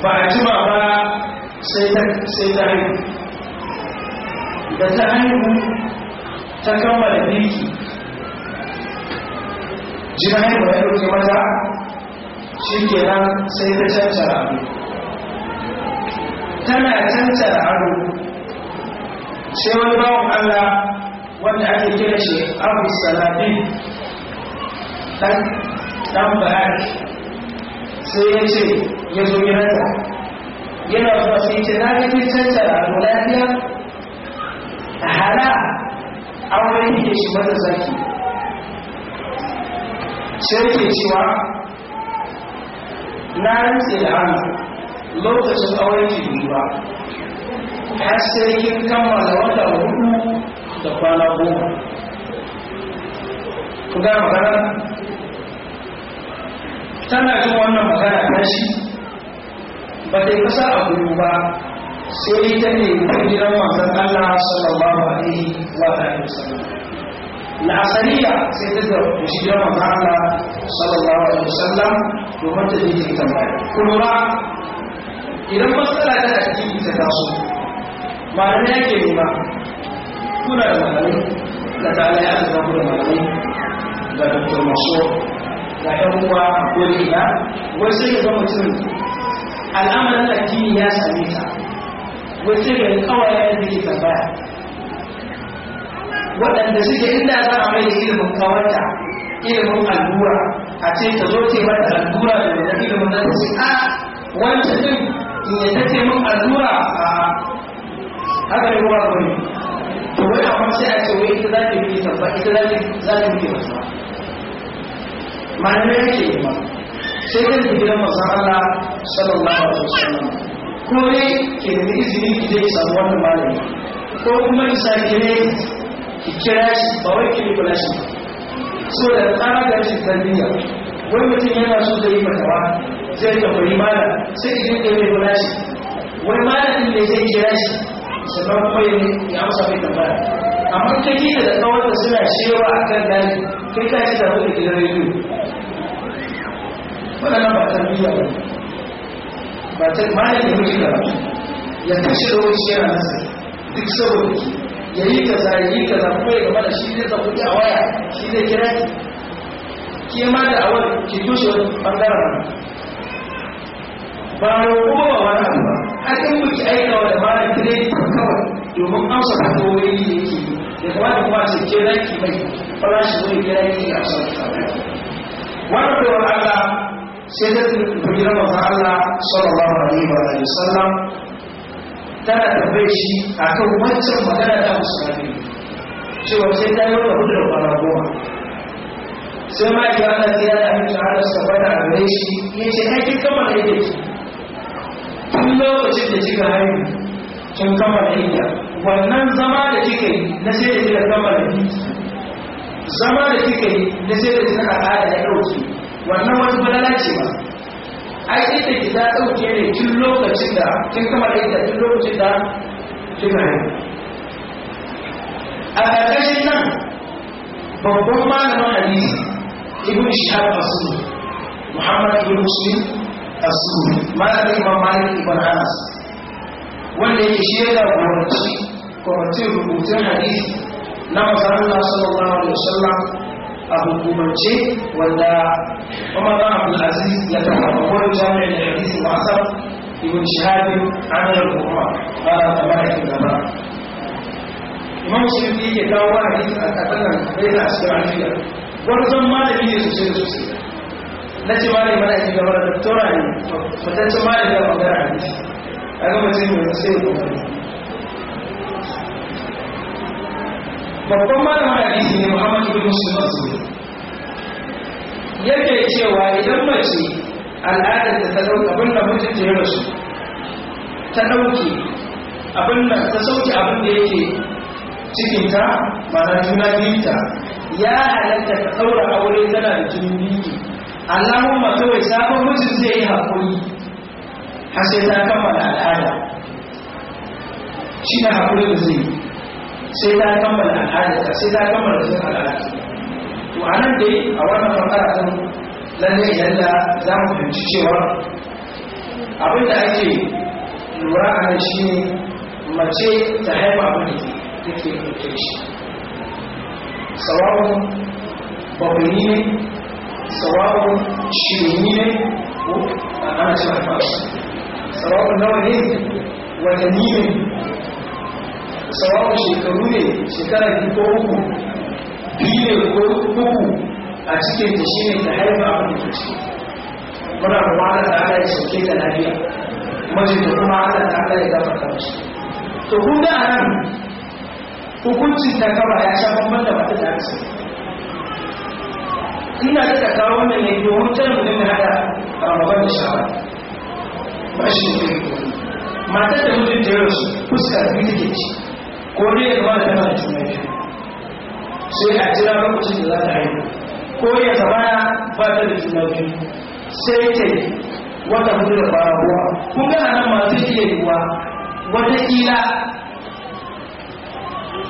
ba a jima ba sai ta haihu da ta haihu ta kammala girki jina haihu ya ɗauke mata shi kenan sai ta cancara abu tana cancara abu sai wani bawan allah wanda ake kira shi abu salabi ɗan bahari sai ya ce ya zo gidanta yana zuwa sai ce na ga cancara abu lafiya hana auren yake shi mata zaki sai ke cewa na rinse da hannu lokacin auren ki duba ya sai kin kammala wata hudu da kwana goma ku ga magana tana jin wannan magana ta shi ba yi kasa a ba sai ta ne ta gidan manzon Allah sallallahu alaihi wa alihi wasallam la'asariya sai ta da shi gidan manzon Allah sallallahu alaihi wasallam domin ta je ta tambaya kuma ba idan matsala ta addini ta taso malamai yake ba. kuna da malamai da ta'ala ya zama ku da malamai da doktor maso da yan uwa a koli na wai sai ya zama mutum al'amarin addini ya same ta wace mai kawai da ke tambaya waɗanda suke inda za a mai ilimin kawanta ilimin allura a ce ta zo ce mata allura da wani ilimin nan ta ce a wancan din in ya ta ce min allura a haka ne ruwa ko ne to wai a kuma sai a ce wai ita za ta yi tambaya ita za ta za ta yi wasa malamai yake yi ba sai kan gidan masu Allah sallallahu alaihi wasallam Knowing kelimesi zilinleyecek sabuanın malum. Topluma insan kelimeyi kiralarsın, baba kelimelesin. Sonra kana karşı can Wani mutum yana so zai yi matawa zai tambayi mala sai idan da mai kula shi. Wani mala din da zai kira shi sannan kuma ya amsa mai tambaya. Amma kai kika da kawar da suna cewa a kan daji kai ka ci da wani gidan rediyo. Waɗannan ba tarbiyya ba ne. ba ta malam ya mutu gaba ya kashe lokaci yana nasa duk saboda ki ya yi ka zai yi kaza kuma ya gaba da shi zai zafi tafi a waya shi zai kira ki ki ma da awar ki tushe wani bangaren ba mu kuma ba wani abu ba har in muke aika wa da malam kiredi kawai domin amsa ta kawai yake yi da kuma da kuma ce ke ki mai farashi wani kira yake amsa ta kawai wani da wani ta sai ta hijirar maza Allah sallallahu alaihi wa alihi sallam tana tambaye shi akan wancan magana ta musulmi cewa sai ta yi wata hudu da kwana goma sai ma ki ta tsira da amince Allah sabata a gare shi ya ce ai kin kammala yadda ki tun lokacin da kika haihu kin kammala yadda wannan zama da kika yi na sai da kika da yadda zama da kika yi na sai da kika al'ada ya ɗauke wannan wani balala ce ba ai ita ki ta dauke ne tun lokacin da kin kama da ita tun lokacin da kina yi a ƙarƙashin nan babban malamin hadisi ibn shahab asuri muhammad ibn muslim asuri malamin imam malik ibn anas wanda yake shi ya kwamitin rubutun hadisi na masarar sallallahu alaihi wasallam a hukumance wanda Umar bin Abdul Aziz ya kafa babbar jami'in da hadisi masa ibn Shihab Amir al ba da kamar yake gaba Imam Shafi ke kawo wa hadisi a kadan bai da cikin alfiya wannan malami ne sosai da sosai na ce malami mana ake gaba da doktora ne fitaccen malami da magana hadisi a ga mutum mai sai da babban malamin hadisi ne muhammad ibn muslim azuri yake cewa idan mace al'adar ta ta dauka abin da mutum ta yi rasu ta dauke abin da ta sauke abin da yake cikinta ma'ana juna biyunta ya halatta ta daura aure tana da jini biyu mata wai sabon mutum zai yi haƙuri har ta kammala al'ada shi na haƙuri da zai yi sai ta kammala al'adarta sai ta kammala jin al'adarta to a nan dai a wannan sun lalle idan da za mu fahimci cewa abin da ake lura a nan shi ne mace ta haifa abin da ke ɗauke shi sawawun bakwai ne sawawun shirini ne ko a ana cin alfashi sawawun nawa ne watanni ne sawawun shekaru ne shekarar ko uku biyu ne ko uku a cikin ta shi ne ta haifa a da ke ciki muna kuma ana ta ala ya sauke ta lafiya da kuma ana ta ala ya dafa ta mashi to kun ga a nan hukuncin ta kaba ya sha bambam da mata da ina da kawo wannan ne domin tana mu dinga a ramadan da shawara ba shi ne matar da mutum ta yi rasu fuska biyu take ci ko ne ya zama da tana da juna sai a jira lokacin da za ta haihu ko ya zama ba ta da juna biyu sai ta yi wata hudu da fara ruwa kun gana nan masu iya Wata watakila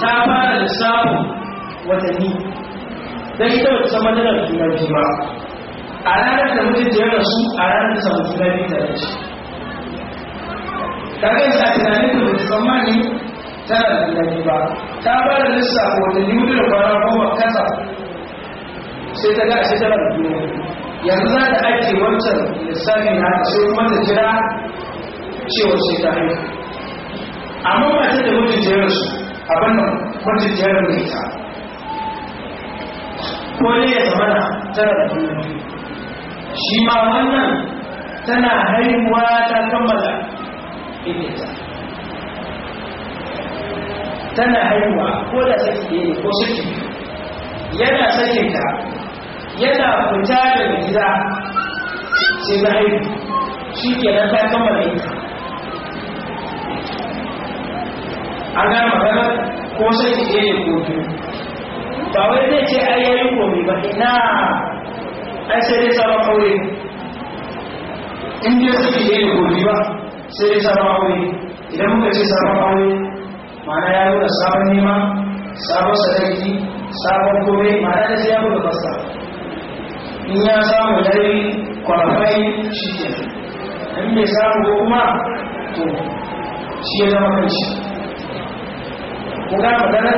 ta fara da samun watanni don ita wata sama tana da juna biyu ba a ranar da mutum ya rasu a ranar da samun juna biyu da rashi kaga yasa tunanin da musamman ne tana da gani ba ta ba da lissafa wata yudu da kwana goma kasa sai ta gashi tana da duniya yanzu za ta aiki wancan lissafi na ta sai kuma ta jira cewa sai ta haihu amma mace da mutum jerin su abin da mutum jerin da ita ko ne ya zama na tana da duniya shi ma wannan tana haihuwa ta kammala ita tana haihuwa ko da saki ne ko saki yana ta yana fita da gida sai na haihu shi na ta da ita an gane magana ko saki ne ko biyu ba wai zai ce ai yayi komai ba ina ai sai dai sabon aure in dai da ne ko biyu ba sai dai sabon aure idan muka ce sabon aure mana ya nuna sabon nema sabon sadaki sabon gobe mana da sai ya buga fasta in ya samu dare kwalafai shi ke in bai samu ko kuma to shi ya zama kan shi ko ga magana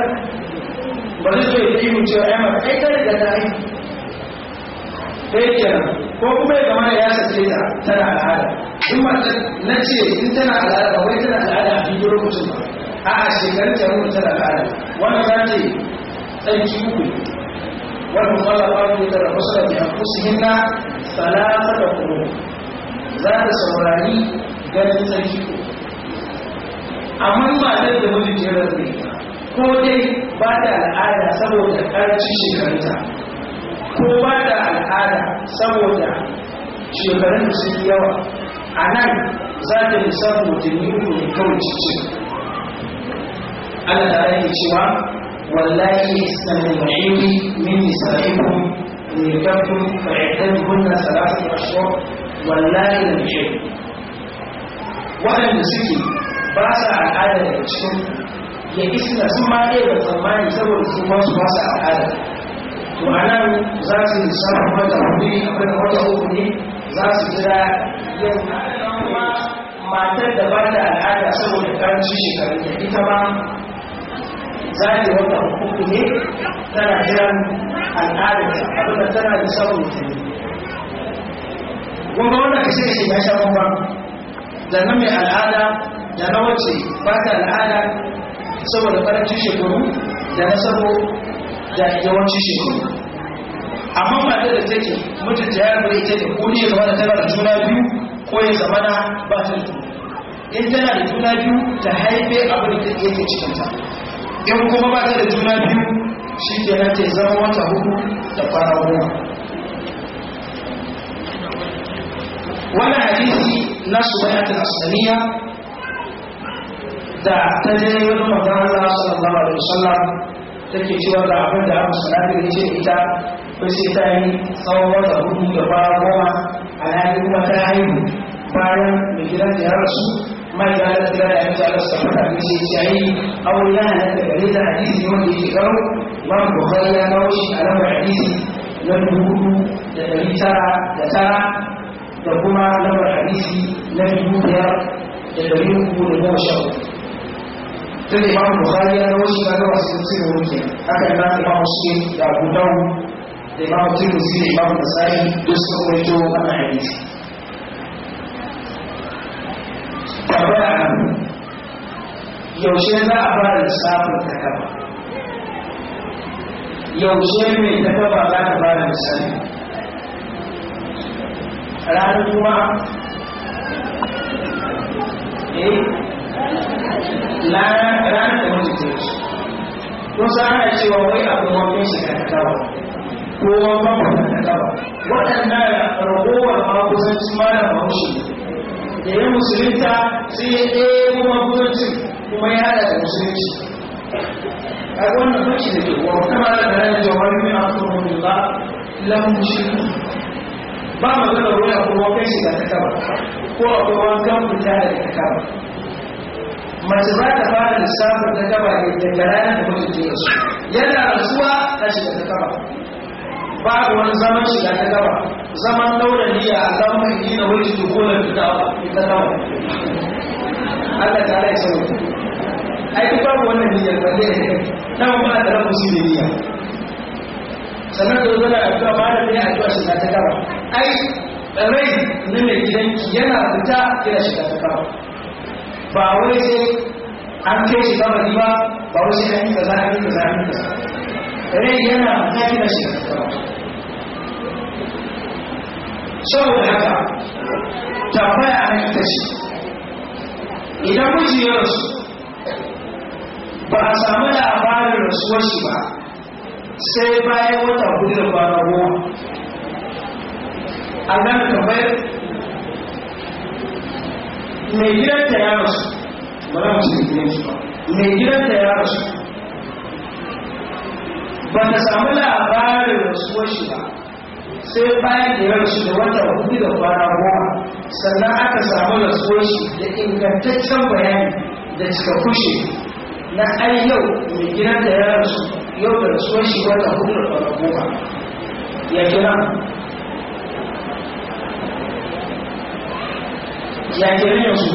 ba zai so ya yi mutu ya yamma kai ta riga ta yi ɗaya kenan ko kuma ya kamata ya sace ta tana al'ada in mace na ce in tana al'ada ba wai tana al'ada a bidiyo lokacin ba a'a shekarun ta rubuta da al'ada wannan ta ce ɗanki uku wannan kwallon kwallon da wasu da da kusa hinna salata da kuma za ta saurari ganin sarki ko amma matar da mutum ya ne ko dai ba da al'ada saboda ƙarancin shekarunta ko ba da al'ada saboda shekarun da suke yawa a nan za ta lissafin watanni uku ne kawai cikin ألا أنت شوى والله إسلام المحيط من سلاحكم إن يكبتم فإعتادهن ثلاثة أشهر والله لم يحب وأنا نسيتي باسع الحالة للشكم يجسنا سمع إيه بالطمان يتبر الثماس باسع الحالة وأنا زارت الإنسان وما تعبني أبدا وما تعبني زارت كده يوم ما تدبرنا الحالة سمع الكلام شيء كان يجي تمام zai wata hukuku ne tana jiran al'adarsa abinda tana da sauran mutane wanda ka kashe kashe ya sha kuma da na mai al'ada da na wace ba ta al'ada saboda farancin shekaru da na sabo da yawancin shekaru amma ta da take mutunta ya gure ita da kuni ya zama da tana da juna biyu ko ya zama na ba ta in tana da juna biyu ta haife abin da ke cikinta in kuma ba ta da juna biyu shi ke na ta zama wata hudu da fara goma Wani hadisi na sumayatul asaniya da ta je wani manzon sallallahu alaihi wasallam ke cewa da abin da Abu Sanabi ya ce ita ko sai ta yi tsawon wata hudu da fara goma a yayin kuma ta haihu bayan mai gidan da ya rasu ما زالت لا يزال الصحابة في شيء أو لا نتبلد حديث يوم يشكره ما بخير لا نوش على حديث لم يكون تتبترى تترى تقوم على حديث لم يكون تتبلده لنوشه sai imam bukhari ya rawo shi daga wasu sai da wuce haka na imam muslim da abu dawud da imam tirmidhi da imam nasai duk sun rawaito wannan hadisi tambaya yaushe za a fara lissafin takaba yaushe mai takaba za ta fara misali ranar juma'a eh ranar da mutu ce kun san ana cewa wai abu mafi shi ka takaba ko mafi ka takaba waɗannan ragowar ma kusanci malam ne da ya musulunta sai ya ɗaya kuma bugancin kuma ya haɗa da musulunci a wannan fashi da ke wa kuma da ranar jawar min akwai ba lamun shirku ba magana wani kai shi da ta kaba ko a kuma kan fita da ta kaba mace ba ta fara lissafin ta kaba ne daga ranar da mutum ke su yana rasuwa ta shi da ta kaba ba wani zaman shi da ta gaba zaman daura iya alamun yi na wani su gonar fita ita nawa Allah ta laisa mutu ai duk babu wannan niyyar balle ta ma da rabu su ne niyya sannan da zuwa addu'a ma da ne addu'a shi ta kawa ai rai na mai gidanki yana fita yana shi ta kawa ba wai sai an kai shi ba ba ba wai sai an yi kaza an yi kaza an yi kaza rai yana fita saboda haka tambaya na ita ce idan miji ya rasu ba a samu labarin rasuwar shi ba sai bayan wata hudu da kwana goma a nan kamar mai gidanta ya rasu ba za mu ce gidan ba mai gidanta ya rasu ba ta samu labarin rasuwar shi ba sai bayan da ya rasu da wata hudu da kwana goma sannan aka samu rasuwar da ingantaccen bayani da cika kushe na ai yau mai gidan da ya rasu yau da rasuwar wata hudu da kwana goma ya kira ya kira yanzu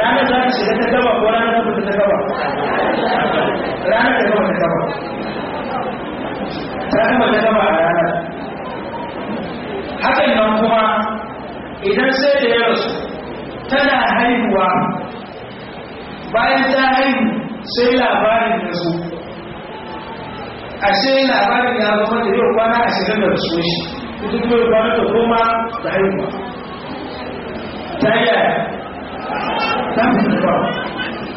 ranar za ta shiga ta gaba ko ranar ta ta gaba ranar ta gaba ta gaba rana ta gama a ranar hakan nan kuma idan sai da ya rasu tana haihuwa bayan ta haihu sai labarin ya a ashe labarin ya zama da yau kwana ashirin da rasu shi ita kuma ya kwana ta goma da haihuwa ta yaya ta fi